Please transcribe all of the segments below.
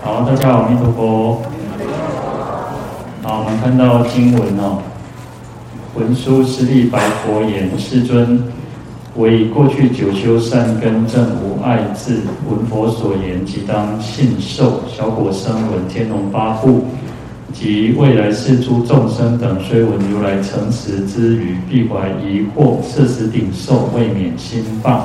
好，大家好，彌陀佛。好，我們看到經文哦，文殊師利白佛言：“世尊，我已過去久修善根，證無礙智。」聞佛所言，即當信受。小果聲聞、天龍八部、及未來世諸眾生等，雖聞如來誠實之語，必懷疑惑，設使頂受，未免興謗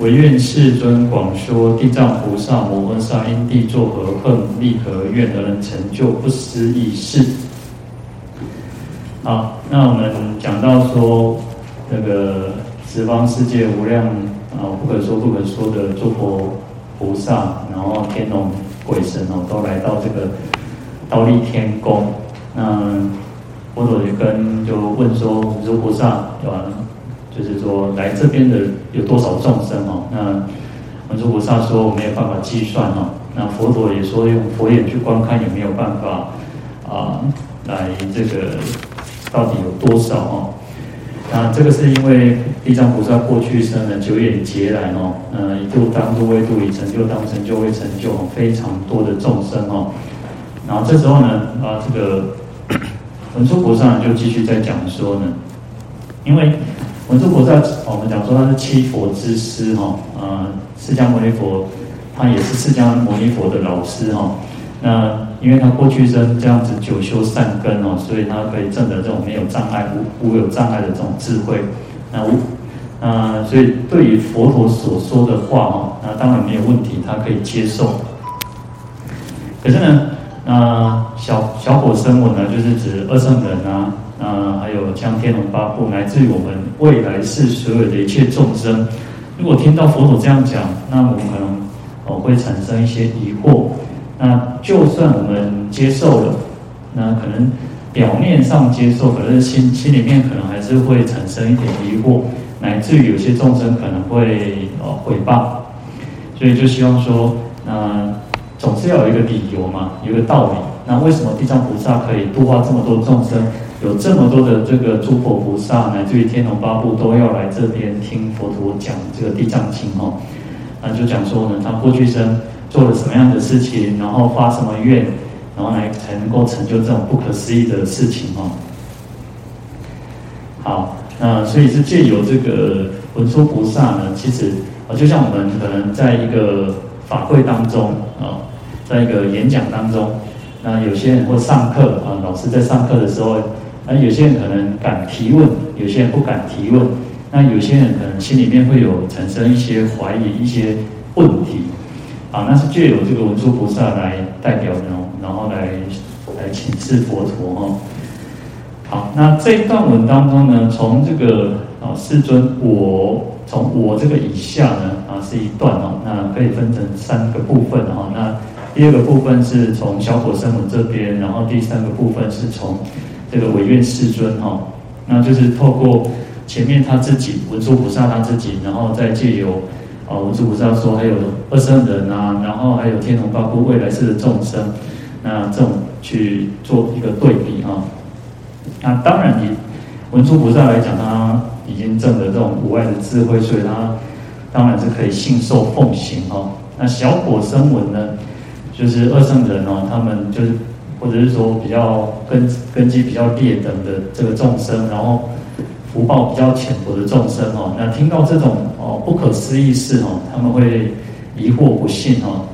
唯願世尊廣說地藏菩薩摩訶薩因地作何行立何願而能成就不思議事。好、啊，那我們講到說那個十方世界無量啊不可說不可說的諸佛菩薩，然後天龍鬼神哦、啊、都來到這個忉利天宮。那佛陀就跟就問說：諸菩薩對吧？就是說，來這邊的有多少眾生哦？那文殊菩薩說，我沒有辦法計算哦。那佛陀也說用佛眼去觀看也沒有辦法啊，來這個到底有多少哦？那這個是因為地藏菩薩過去生了久遠劫來哦，嗯，已度當度未度，已成就當成就未成就，哦，非常多的眾生哦。然後這時候呢，啊，這個文殊菩薩就繼續在講說呢，因為。文殊菩薩，我們講說他是七佛之師哈、呃，釋迦牟尼佛他也是釋迦牟尼佛的老師哈。那因為他過去生這樣子久修善根哦，所以他可以證得這種沒有障礙、無無有障礙的這種智慧。那無、呃、所以對於佛陀所說的話哦，那當然沒有問題，他可以接受。可是呢，呃、小小果聲聞呢，就是指二聖人啊。呃，還有將天龍八部，乃至於我們未來世所有的一切眾生，如果聽到佛祖這樣講，那我們可能哦、呃、會產生一些疑惑。那就算我們接受了，那可能表面上接受，可是心心裡面可能還是會產生一點疑惑，乃至於有些眾生可能會呃毀謗。所以就希望說，那、呃、總是要有一個理由嘛，有一個道理。那為什麼地藏菩薩可以度化這麼多眾生？有這麼多的這個諸佛菩薩乃至於天龍八部，都要來這邊聽佛陀講這個地藏經哦，那就講說呢，他過去生做了什麼樣的事情，然後發什麼願，然後來才能夠成就這種不可思議的事情哦。好，那所以是借由這個文殊菩薩呢，其實啊，就像我們可能在一個法會當中啊，在一個演講當中，那有些人會上課啊，老師在上課的時候。那有些人可能敢提問，有些人不敢提問。那有些人可能心裡面會有產生一些懷疑、一些問題。啊，那是借由這個文殊菩薩來代表人，然後來來請示佛陀哈。好，那這一段文當中呢，從這個啊世尊我，我從我這個以下呢啊是一段哦，那可以分成三個部分哈。那第二個部分是從小果聲聞這邊，然後第三個部分是從。這個唯願世尊哈，那就是透過前面他自己，文殊菩薩他自己，然後再借由啊文殊菩薩說，還有二乘人啊，然後還有天龍八部、未來世的眾生，那這種去做一個對比哈。那當然以文殊菩薩來講，他已經證得這種無礙的智慧，所以他當然是可以信受奉行哦。那小果聲聞呢，就是二乘人哦，他們就是。或者是說比較根根基比較劣等的這個眾生，然後福報比較淺薄的眾生哦，那聽到這種哦不可思議事哦，他們會疑惑不信哦。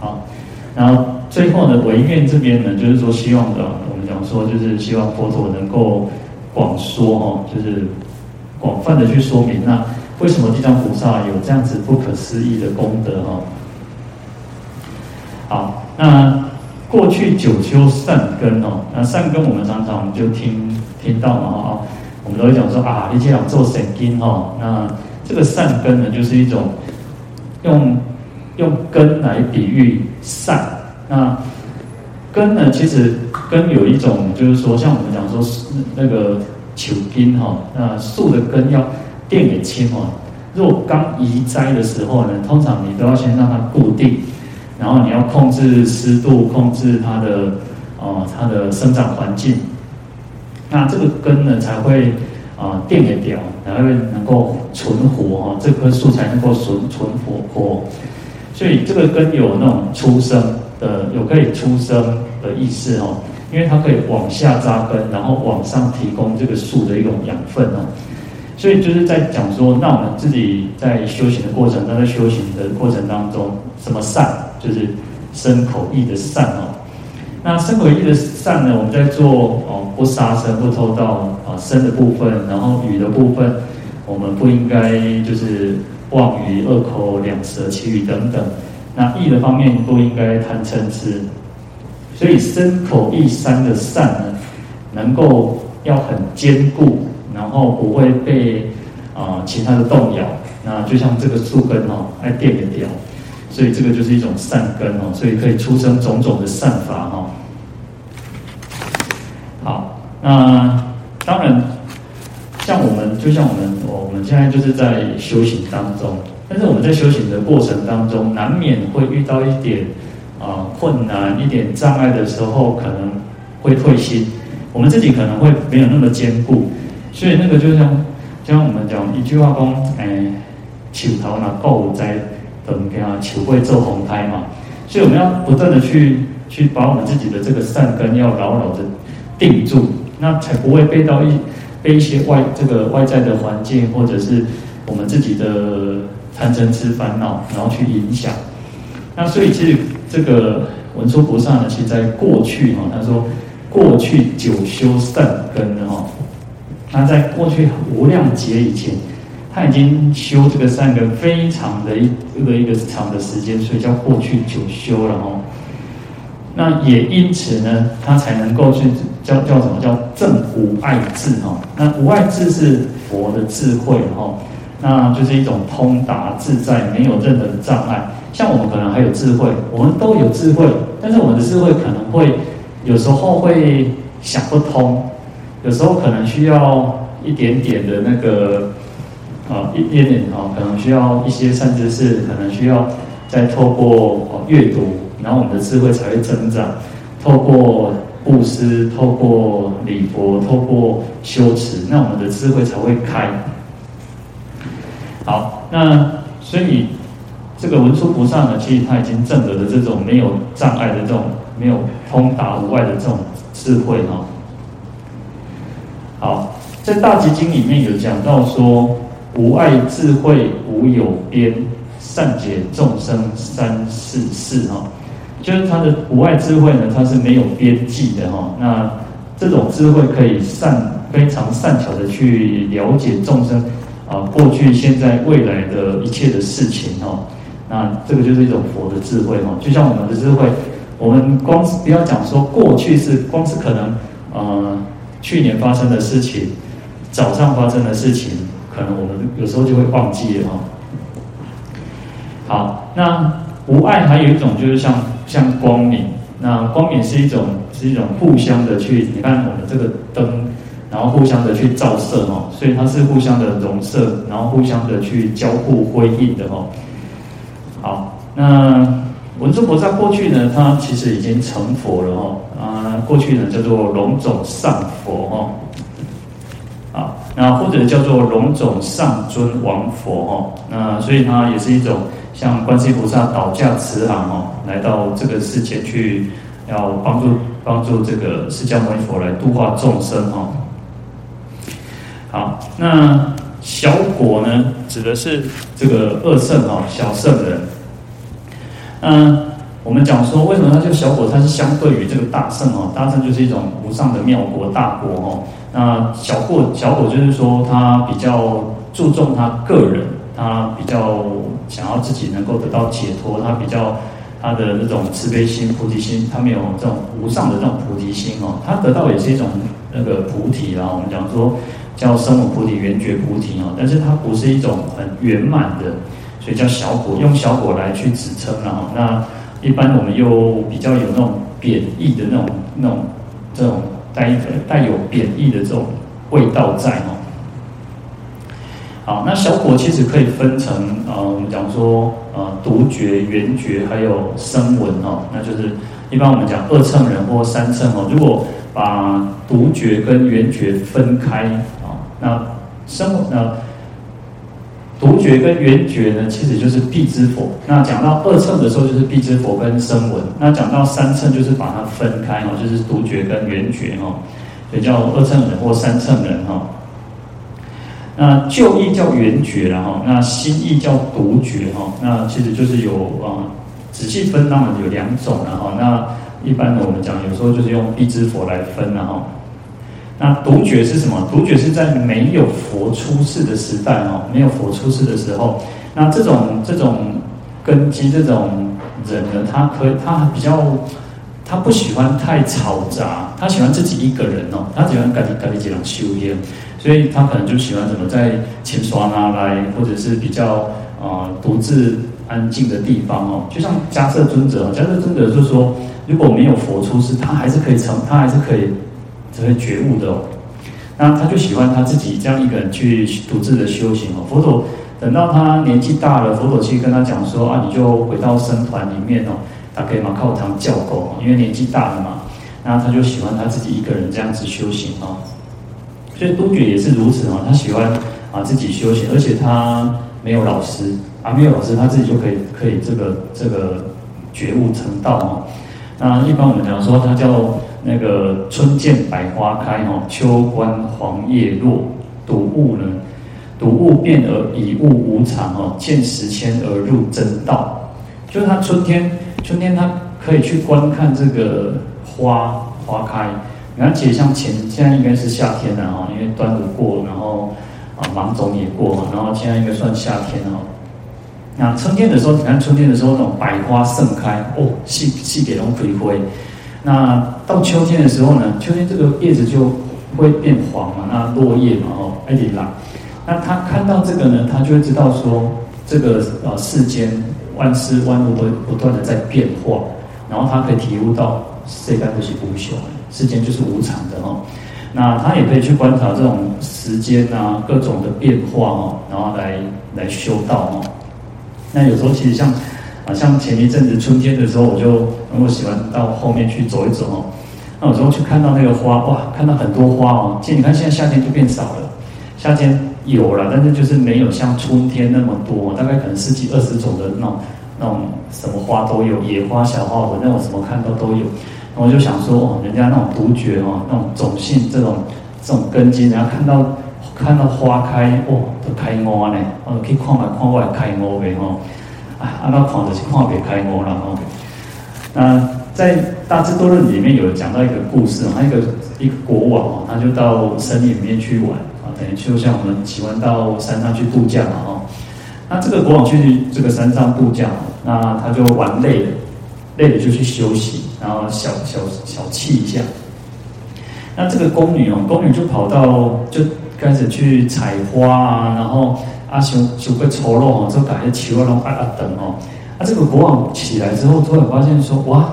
好，然後最後呢，唯願這邊呢，就是說希望的，我們講說就是希望佛陀能夠廣說哦，就是廣泛的去說明，那為什麼地藏菩薩有這樣子不可思議的功德哦？好，那。過去久修善根哦，那善根我們常常就聽聽到嘛啊，我們都會講說啊，一切要做善根哦，那這個善根呢，就是一種用用根來比喻善，那根呢，其實根有一種就是說，像我們講說那個求根哈、哦，那樹的根要電給清哦，若剛移栽的時候呢，通常你都要先讓它固定。然後你要控制濕度，控制它的呃它的生長環境。那這個根呢，才會啊定得掉，才會能夠存活哦，這棵樹才能夠存存活活。所以這個根有那種出生的，有可以出生的意思哦，因為它可以往下扎根，然後往上提供這個樹的一種養分哦。所以就是在講說，那我們自己在修行的過程，那在修行的過程當中，什麼善？就是身口意的善哦，那身口意的善呢，我們在做哦，不殺生、不偷盜啊，身的部分，然後語的部分，我們不應該就是妄語惡口、兩舌、綺語等等。那意的方面，不應該貪嗔癡。所以身口意三的善呢，能夠要很堅固，然後不會被啊、呃、其他的動搖。那就像這個樹根哦，還墊着腳。所以這個就是一種善根哦，所以可以出生種種的善法哦。好，那當然，像我們，就像我們，我們現在就是在修行當中，但是我們在修行的過程當中，難免會遇到一點啊、呃、困難、一點障礙的時候，可能會退心，我們自己可能會沒有那麼堅固，所以那個就像，就像我們講一句話說，哎，請頭那夠在。怎麼樣？他求、嗯、會做紅胎嘛，所以我們要不斷的去去把我們自己的這個善根要牢牢的定住，那才不會被到一被一些外這個外在的環境或者是我們自己的貪嗔癡煩惱，然後去影響。那所以其實這個文殊菩薩呢，其實在過去哈、哦，他說過去久修善根哈、哦，那在過去無量劫以前。他已經修這個善根非常的一個一個長的時間，所以叫過去久修了、哦，然後那也因此呢，他才能夠去叫叫什麼叫證無礙智哈、哦？那無礙智是佛的智慧哈、哦，那就是一種通達自在，沒有任何的障礙。像我們可能還有智慧，我們都有智慧，但是我們的智慧可能會有時候會想不通，有時候可能需要一點點的那個。啊，一點點啊，可能需要一些善知識，可能需要再透過閱、哦、讀，然後我們的智慧才會增長；透過布施，透過禮佛，透過修持，那我們的智慧才會開。好，那所以這個文殊菩薩呢，其實他已經證得了這種沒有障礙的這種、沒有通達無礙的這種智慧哈、哦。好，在大集經裡面有講到說。無礙智慧無有邊，善解眾生三世事哈，就是他的無礙智慧呢，它是沒有邊際的哈。那這種智慧可以善，非常善巧的去了解眾生啊，過去、現在、未來的一切的事情哦。那這個就是一種佛的智慧哈，就像我們的智慧，我們光是不要講說過去是，光是可能啊、呃，去年發生的事情，早上發生的事情。可能我們有時候就會忘記了哈。好，那無礙還有一種就是像像光明，那光明是一種是一種互相的去，你看我們這個燈，然後互相的去照射哈，所以它是互相的融攝，然後互相的去交互輝映的哈。好，那文殊菩薩過去呢，它其實已經成佛了哈，啊，過去呢叫做龍種上佛哈。或者叫做龍種上尊王佛吼、哦，那所以它也是一種像觀世音菩薩倒駕慈航吼、哦，來到這個世界去要幫助幫助這個釋迦牟尼佛來度化眾生吼、哦。好，那小果呢，指的是這個二聖吼，小聖人。那我們講說，為什麼它叫小果？它是相對於這個大聖吼、哦，大聖就是一種無上的妙果大果吼、哦。那小果，小果就是說，他比較注重他個人，他比較想要自己能夠得到解脫，他比較他的那種慈悲心、菩提心，他沒有這種無上的這種菩提心哦，他得到也是一種那個菩提啊。我們講說叫聲聞菩提、緣覺菩提哦，但是他不是一種很圓滿的，所以叫小果，用小果來去指稱了。那一般我們又比較有那種貶義的那種、那種這種。帶一個帶有貶義的這種味道在、哦、好，那小果其實可以分成啊、呃，我們講說呃，獨覺、緣覺，還有聲聞、哦。那就是一般我們講二乘人或三乘、哦、如果把獨覺跟緣覺分開啊、哦，那聲聞呢。獨覺跟緣覺呢，其實就是辟支佛。那講到二乘的時候，就是辟支佛跟聲聞。那講到三乘，就是把它分開，就是獨覺跟緣覺哦，所以叫二乘人或三乘人哈。那舊譯叫緣覺然後，那新譯叫獨覺哈。那其實就是有啊，仔細分當然有兩種，那一般的我們講有時候就是用辟支佛來分那獨覺是什麼？獨覺是在沒有佛出世的時代哦，沒有佛出世的時候，那這種這種根基這種人呢，他可以他比較，他不喜歡太嘈雜，他喜歡自己一個人哦，他喜歡搞搞這種修煉，所以他可能就喜歡怎麼在青山啊來，來或者是比較啊、呃、獨自安靜的地方哦，就像迦葉尊者，迦葉尊者就是說，如果沒有佛出世，他還是可以成，他還是可以。是覺悟的哦，那他就喜歡他自己這樣一個人去獨自的修行哦。佛陀等到他年紀大了，佛陀去跟他講說：“啊，你就回到僧團裡面哦，他可以馬靠堂教狗哦，因為年紀大了嘛。”那他就喜歡他自己一個人這樣子修行哦。所以獨覺也是如此哦，他喜歡啊自己修行，而且他沒有老師啊，沒有老師，他自己就可以可以這個這個覺悟成道哦。那一般我們講說，它叫那個“春見百花開”吼，秋觀黃葉落。睹物呢，睹物變而以物無常哦，見時遷而入真道。就是它春天，春天它可以去觀看這個花花開。而且像前現在應該是夏天了吼，因為端午過，然後啊芒種也過，然後現在應該算夏天哦。那春天的時候，你看春天的時候那種百花盛開，哦，細細蝶龍飛飛。那到秋天的時候呢？秋天這個葉子就會變黃嘛，那落葉嘛，後一點啦。那他看到這個呢，他就會知道說，這個呃、哦、世間萬事萬物都不斷的在變化，然後他可以體悟到世間不息不休，世間就是無常的哈、哦。那他也可以去觀察這種時間啊各種的變化哈、哦，然後來來修道哈、哦。那有時候其實像，啊，像前一陣子春天的時候，我就我喜歡到後面去走一走哦。那有時候去看到那個花，哇，看到很多花哦。其實你看現在夏天就變少了，夏天有了，但是就是沒有像春天那麼多，大概可能十幾二十種的那種那種什麼花都有，野花、小花、我那種什麼看到都,都有。那我就想說，哦，人家那種獨覺哦，那種種性這種這種根基，人家看到。看到花開哦，都開滿哦，可以看下看外，看看的開滿未哦。啊，按照看就是看給開滿了吼。那在《大智度論》裡面有講到一個故事，啊，一個一個國王哦、啊，他就到森林裡面去玩，啊，等於就像我們喜歡到山上去度假嘛吼、啊。那這個國王去這個山上度假，那他就玩累了，累了就去休息，然後小小小憩一下。那這個宮女哦，宮、啊、女就跑到就。開始去採花啊，然後啊，熊熊被抽肉哦，這這些了啊，攏拔一斷哦。啊，這個國王起來之後，突然發現說，哇，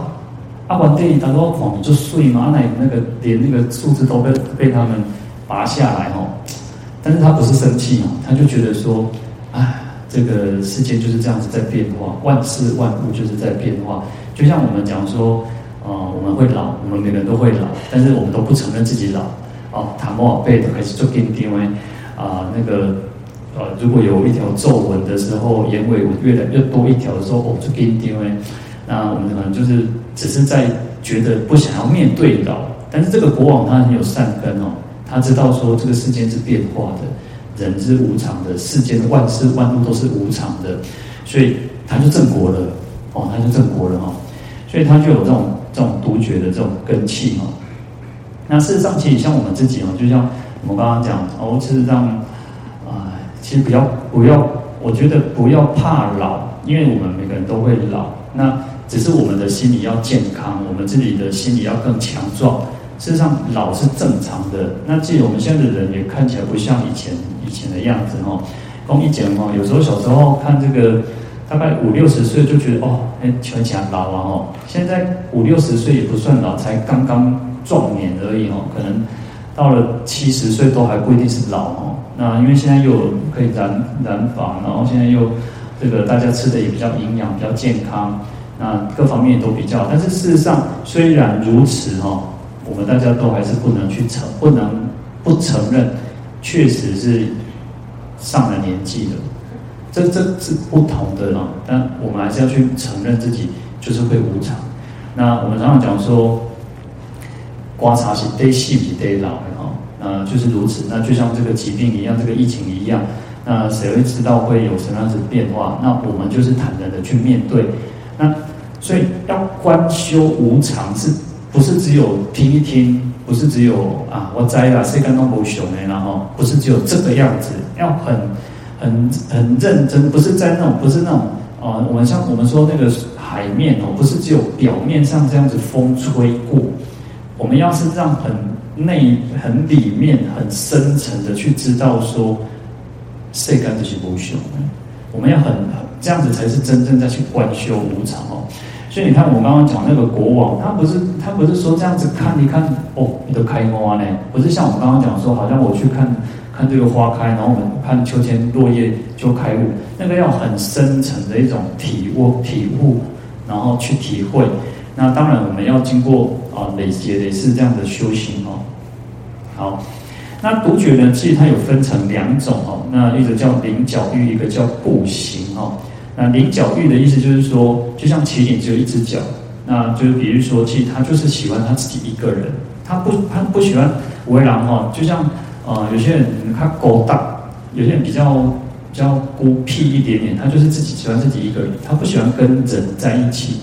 阿、啊、把地打多空就碎嘛，那、啊、那個連那個樹枝都被被他們拔下來哦。但是他不是生氣哦，他就覺得說，哎，這個世界就是這樣子在變化，萬事萬物就是在變化。就像我們講說，啊、呃、我們會老，我們每個人都會老，但是我們都不承認自己老。哦，摩莫貝的開始做你定位。啊、呃，那個呃，如果有一條皺紋的時候，眼尾越來越多一條的時候，哦，做你定位。那我們可能就是只是在覺得不想要面對到，但是這個國王他很有善根哦，他知道說這個世間是變化的，人是無常的，世間的萬事萬物都是無常的，所以他就正國了，哦，他就證果了哦，所以他就有這種這種獨覺的這種根器嘛、哦。那事實上，其實像我們自己哦，就像我們剛剛講哦，事實上，啊、呃，其實不要不要，我覺得不要怕老，因為我們每個人都會老。那只是我們的心理要健康，我們自己的心理要更強壯。事實上，老是正常的。那其實我們現在的人也看起來不像以前，以前的樣子哦。公益節目有時候小時候看這個，大概五六十歲就覺得哦，哎，全家老了哦。現在五六十歲也不算老，才剛剛，壯年而已哦，可能到了七十歲都還不一定是老哦。那因為現在又可以燃燃房，然後現在又這個大家吃的也比較營養，比較健康，那各方面也都比較。但是事實上，雖然如此哦，我們大家都還是不能去承，不能不承認，確實是上了年紀的。這這是不同的哦，但我們還是要去承認自己就是會無常。那我們常常講說。觀察是得細，是得老的哦。那、呃、就是如此。那就像這個疾病一樣，這個疫情一樣，那、呃、誰會知道會有什麼樣子變化？那我們就是坦然的去面對。那所以要觀修無常是，是不是只有聽一聽？不是只有啊，我摘了是幹農活修沒然後、哦、不是只有這個樣子。要很、很、很認真，不是在那種，不是那種啊、呃，我們像我們說那個海面哦，不是只有表面上這樣子風吹過。我們要是這樣很內、很裡面、很深沉的去知道說，曬乾這些無常，我們要很這樣子才是真正在去觀修無常哦。所以你看，我剛剛講那個國王，他不是，他不是說這樣子看一看哦，你的開花呢，不是像我剛剛講說，好像我去看看這個花開，然後我們看秋天落葉就開悟。那個要很深沉的一種體悟、體悟，然後去體會。那當然，我們要經過啊，累劫、累世這樣的修行哦。好，那獨覺呢，其實它有分成兩種哦。那一種叫麟角喻，一個叫部行哦。那麟角喻的意思就是說，就像麒麟只有一只腳，那就是比如說，其實他就是喜歡他自己一個人，他不他不喜歡圍欄哈。就像啊，有些人他孤大，有些人比較比較，比較孤僻一點點，他就是自己喜歡自己一個人，他不喜歡跟人在一起。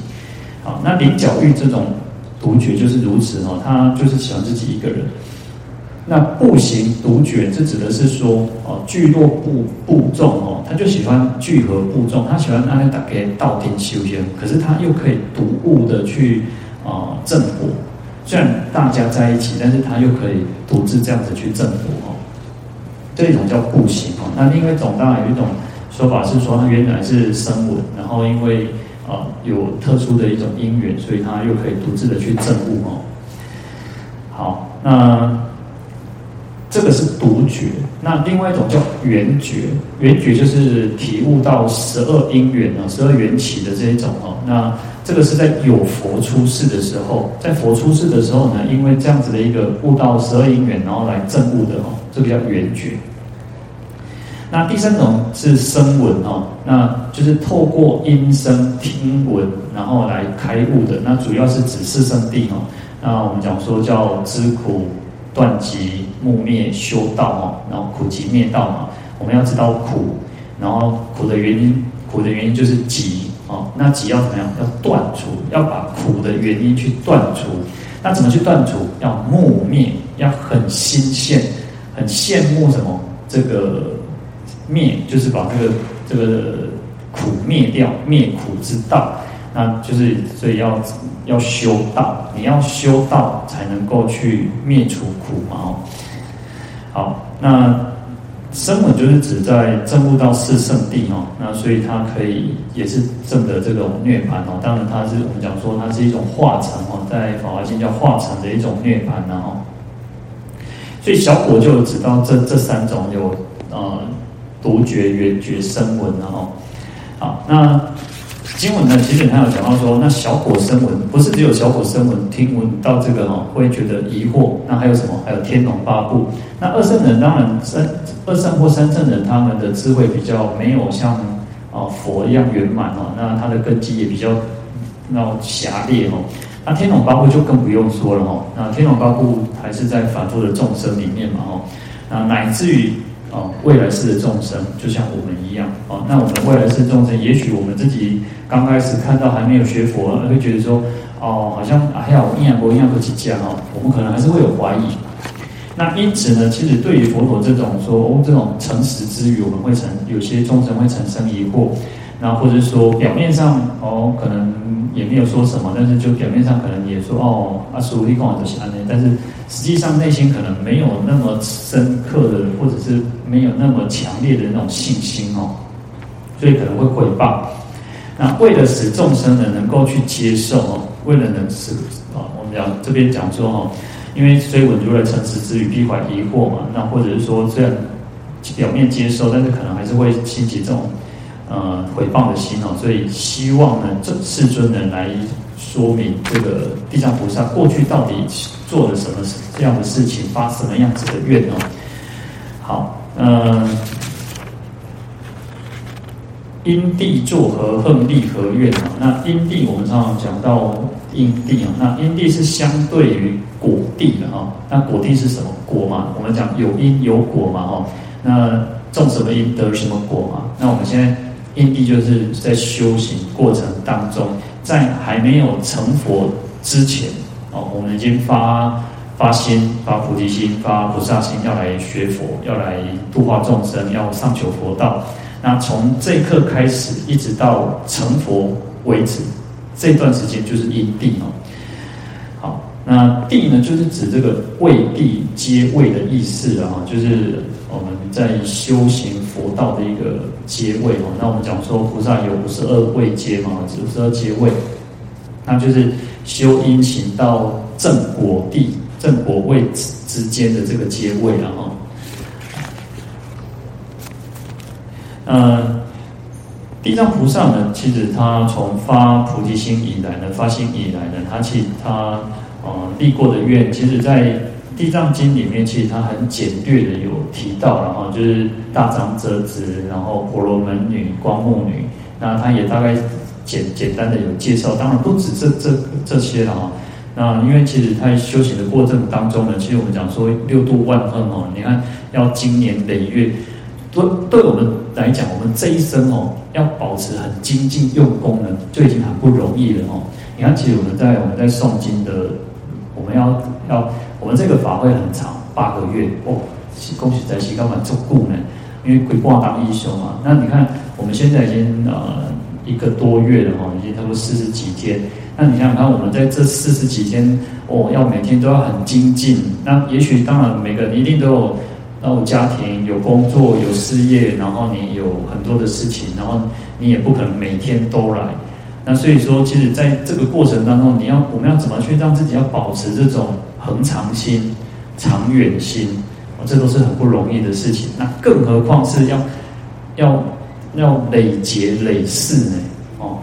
啊，那麟角喻這種獨覺就是如此哦，他就是喜歡自己一個人。那部行獨覺，這指的是說哦，聚落部、部眾哦，他就喜歡聚合部眾，他喜歡拿來打給道天修仙，可是他又可以獨自的去哦證果，雖然大家在一起，但是他又可以獨自這樣子去證果哦。這一種叫部行哦，那另外一種當然有一種說法是說，他原來是聲聞，然後因為。啊，有特殊的一種因緣，所以他又可以獨自的去證悟哦。好，那這個是獨覺，那另外一種叫緣覺，緣覺就是體悟到十二因緣啊，十二緣起的這一種哦。那這個是在有佛出世的時候，在佛出世的時候呢，因為這樣子的一個悟到十二因緣，然後來證悟的哦，這個叫緣覺。那第三種是聲聞哦，那就是透過音聲聽聞，然後來開悟的。那主要是指四聖諦哦。那我們講說叫知苦斷集慕滅修道哦，然後苦集滅道嘛。我們要知道苦，然後苦的原因，苦的原因就是集哦。那集要怎麼樣？要斷除，要把苦的原因去斷除。那怎麼去斷除？要慕滅，要很新鮮，很羨慕什麼？這個。滅就是把這、那個這個苦滅掉，滅苦之道，那就是所以要要修道，你要修道才能夠去滅除苦嘛。好，那聲聞就是指在證悟到四聖諦。哦，那所以他可以也是證得這種涅槃哦。當然，它，是我們講說它是一種化城哦，在法華經叫化城的一種涅槃。然、啊、後、哦，所以小果就只到這這三種有呃。獨覺、緣覺、聲聞啊，吼，好，那經文呢，其實他有講到說，那小果聲聞不是只有小果聲聞聽聞到這個吼，會覺得疑惑，那還有什麼？還有天龍八部。那二聖人當然三二聖或三聖人，他們的智慧比較沒有像哦佛一樣圓滿哦，那他的根基也比較那種狹劣哦。那天龍八部就更不用說了哦，那天龍八部還是在凡夫的眾生裡面嘛哦，那乃至於。哦，未來世的眾生就像我們一樣，哦，那我們未來世眾生，也許我們自己剛開始看到還沒有學佛了，會覺得說，哦，好像還、啊、有一樣不一樣不起講，哦，我們可能還是會有懷疑。那因此呢，其實對於佛陀這種說，哦，這種誠實之語，我們會成有些眾生會產生疑惑，那或者說表面上，哦，可能。也沒有說什麼，但是就表面上可能也說哦，阿十五億供養者安樂，但是實際上內心可能沒有那麼深刻的，或者是沒有那麼強烈的那種信心哦，所以可能會毀謗。那為了使眾生呢能夠去接受哦，為了能使啊，我們講這邊講說哦，因為雖聞如來誠實之語，必懷疑惑嘛，那或者是說這樣表面接受，但是可能還是會興起這種。呃，毀謗的心哦，所以希望呢，這世尊呢來說明這個地藏菩薩過去到底做了什麼這樣的事情，發什麼樣子的願哦。好，呃，因地作何行？立何願呢、啊？那因地我們常常講到因地啊，那因地是相對於果地的啊。那果地是什麼果嘛？我們講有因有果嘛，吼。那種什麼因得什麼果嘛？那我們現在。因地就是在修行過程當中，在還沒有成佛之前哦，我們已經發發心、發菩提心、發菩薩心，要來學佛、要來度化眾生、要上求佛道。那從這一刻開始，一直到成佛為止，這段時間就是因地哦。好，那地呢，就是指這個位地階位的意思啊，就是。在修行佛道的一個階位哦，那我們講說菩薩有五十二位階嘛，五十二階位，那就是修因行到正果地、正果位之之間的這個階位啊。哈，嗯，地藏菩薩呢，其實他從發菩提心以來呢，發心以來呢，他其實他，呃、立過的願，其實，在《地藏經》裡面其實它很簡略的有提到，然後就是大長者子，然後婆羅門女、光目女，那他也大概簡簡單的有介紹，當然不止這這這些了哈。那因為其實他修行的過程當中呢，其實我們講說六度萬行哦，你看要經年累月，對對我們來講，我們這一生哦要保持很精進用功呢，就已經很不容易了哦。你看，其實我們在我們在誦經的。我們要要，我們這個法會很長，八個月哦！恭喜在西，幹嘛做故呢？因為鬼掛當醫生嘛。那你看，我們現在已經呃一個多月了哈，已經差不多四十幾天。那你想想看，我們在這四十幾天，哦，要每天都要很精進。那也許當然，每個人一定都有，那我家庭有工作有事業，然後你有很多的事情，然後你也不可能每天都來。那所以說，其實在這個過程當中，你要我們要怎麼去讓自己要保持這種恆常心、長遠心，這都是很不容易的事情。那更何況是要要要累劫累世呢，哦，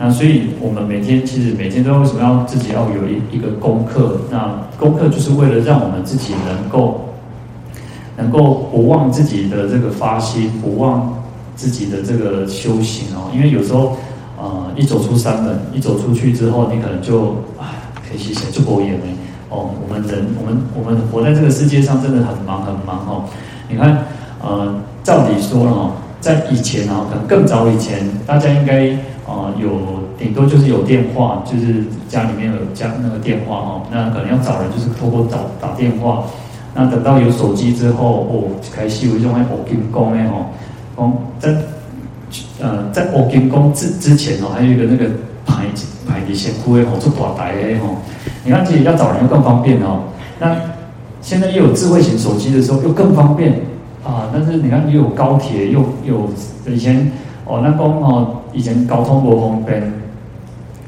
那所以我們每天其實每天都要為什麼要自己要有一一個功課？那功課就是為了讓我們自己能夠能夠不忘自己的這個發心，不忘自己的這個修行哦，因為有時候。一走出山門，一走出去之後，你可能就唉，可以寫就無言嘞。哦，我們人，我們我們活在這個世界上，真的很忙很忙、哦、你看，呃，照理說哈、哦，在以前啊、哦，可能更早以前，大家應該啊、呃、有頂多就是有電話，就是家裡面有家那個電話哈、哦。那可能要找人，就是透過打打電話。那等到有手機之後，哦，開始會一種在播員工嘞哦，講在。呃，在我進工之之前哦，還有一個那個排排的先苦誒，好出寡台誒吼、哦。你看，自己要找人更方便哦。那現在又有智慧型手機的時候，又更方便啊。但是你看又又，又有高鐵，又有以前哦，那工哦，以前交通不方便。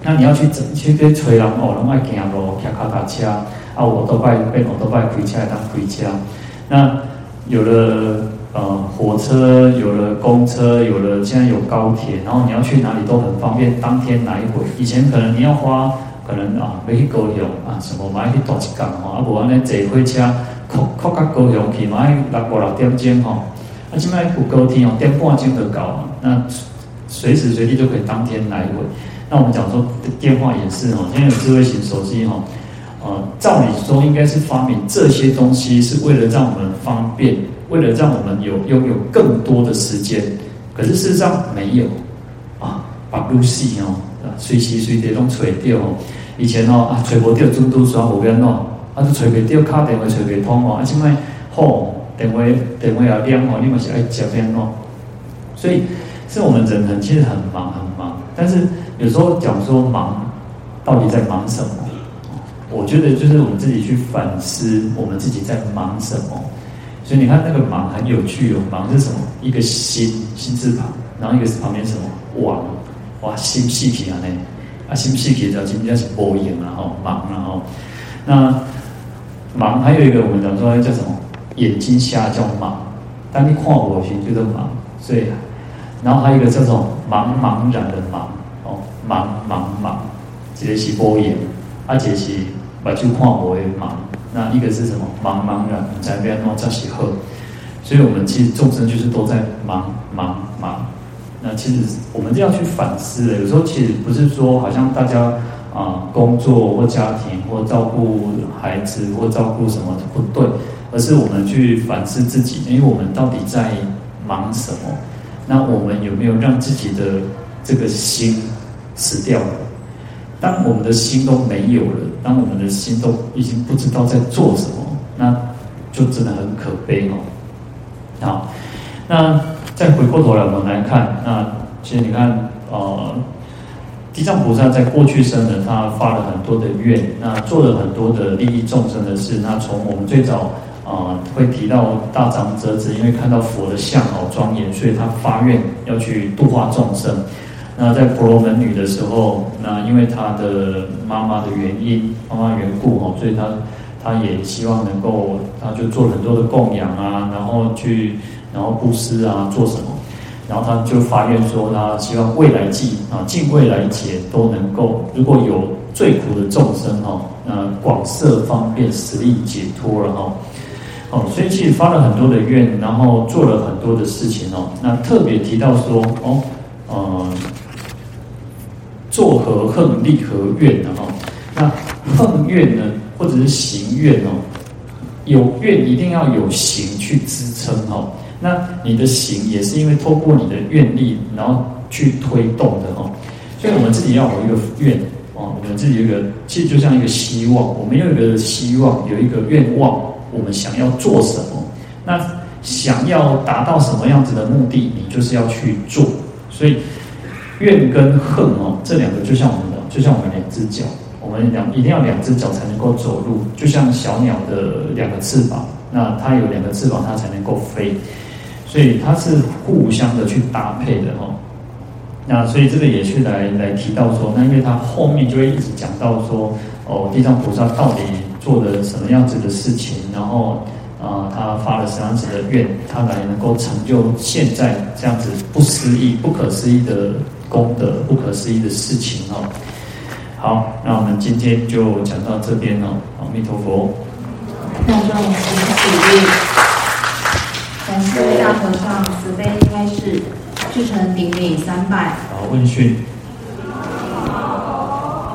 那你要去去去吹人哦，人愛行路，騎腳踏車啊，我都愛變，我都愛回家，當回家。那有了。呃、嗯，火車有了，公車有了，現在有高鐵，然後你要去哪裡都很方便，當天來回。以前可能你要花，可能啊，沒去高雄啊，全部買去搭一天吼，啊，無安尼坐火車，靠靠到高雄去，嘛要六六點鐘吼。啊，現在有高鐵哦，電話金額高，那隨時隨地就可以當天來回。那我們講說，電話也是哦，因為有智慧型手機哦，呃、啊，照理說應該是發明這些東西是為了讓我們方便。為了讓我們有擁有更多的時間，可是事實上沒有啊，把露西哦，隨時隨地都吹掉哦。以前哦，吹無掉嘟嘟山河邊哦，啊都吹未掉，卡電話吹未通哦。啊，現在好、哦，電話電話也涼哦，因為小哎小天弄、啊、所以是我們人很其實很忙很忙，但是有時候講說忙，到底在忙什麼？我覺得就是我們自己去反思，我們自己在忙什麼。所以你看那個忙很有趣哦，忙是什麼？一個心心字旁，然後一個旁是旁邊什麼亡？哇，心細皮啊，啊，啊、哦、那，啊心細皮的，心皮是波眼啊吼，盲，然後，那忙還有一個我們常說叫什麼眼睛瞎叫盲，當你看不全叫做盲，所以，然後還有一個叫做麼茫茫然的盲哦，盲盲、這個啊這個、盲，一個是波眼，啊一個是目睭看不全盲。那一個是什麼？茫茫然在邊忙在喜賀，所以我們其實眾生就是都在忙忙忙。那其實我們這樣去反思，有時候其實不是說好像大家啊、呃、工作、或家庭、或照顧孩子、或照顧什麼不對，而是我們去反思自己，因為我們到底在忙什麼？那我們有沒有讓自己的這個心死掉了？當我們的心都沒有了，當我們的心都已經不知道在做什麼，那就真的很可悲哈、哦。好，那再回過頭來，我們來看，那其實你看，呃，地藏菩薩在過去生的，他發了很多的願，那做了很多的利益眾生的事。那從我們最早啊、呃，會提到大長者子，因為看到佛的相好莊嚴，所以他發願要去度化眾生。那在婆羅門女的時候，那因為她的媽媽的原因、媽媽緣故哦，所以她、她也希望能夠，她就做很多的供養啊，然後去，然後布施啊，做什麼，然後她就發願說，她希望未來世啊，盡未來劫都能夠，如果有罪苦的眾生哦、啊，那廣設方便，使令解脫了哈，哦、啊、啊，所以其實發了很多的願，然後做了很多的事情哦、啊，那特別提到說，哦，呃、嗯。作何行，立何願，立何願的那行願呢，或者是行願哦？有願一定要有行去支撐哦。那你的行也是因為透過你的願力，然後去推動的哦。所以我們自己要有一個願哦，我們自己有一個，其實就像一個希望，我們有一個希望，有一個願望，我們想要做什麼？那想要達到什麼樣子的目的，你就是要去做。所以。怨跟恨哦，這兩個就像我們的，就像我們兩隻腳，我們兩一定要兩隻腳才能夠走路，就像小鳥的兩個翅膀，那它有兩個翅膀，它才能夠飛，所以它是互相的去搭配的哦。那所以這個也是來來提到說，那因為它後面就會一直講到說，哦，地藏菩薩到底做了什麼樣子的事情，然後啊，他、呃、發了什麼樣子的願，他來能夠成就現在這樣子不思議、不可思議的。功德不可思議的事情哦，好，那我們今天就講到這邊哦，阿彌陀佛。大眾請起立，感謝大和尚慈悲開示，至誠頂禮三拜。好，問訊。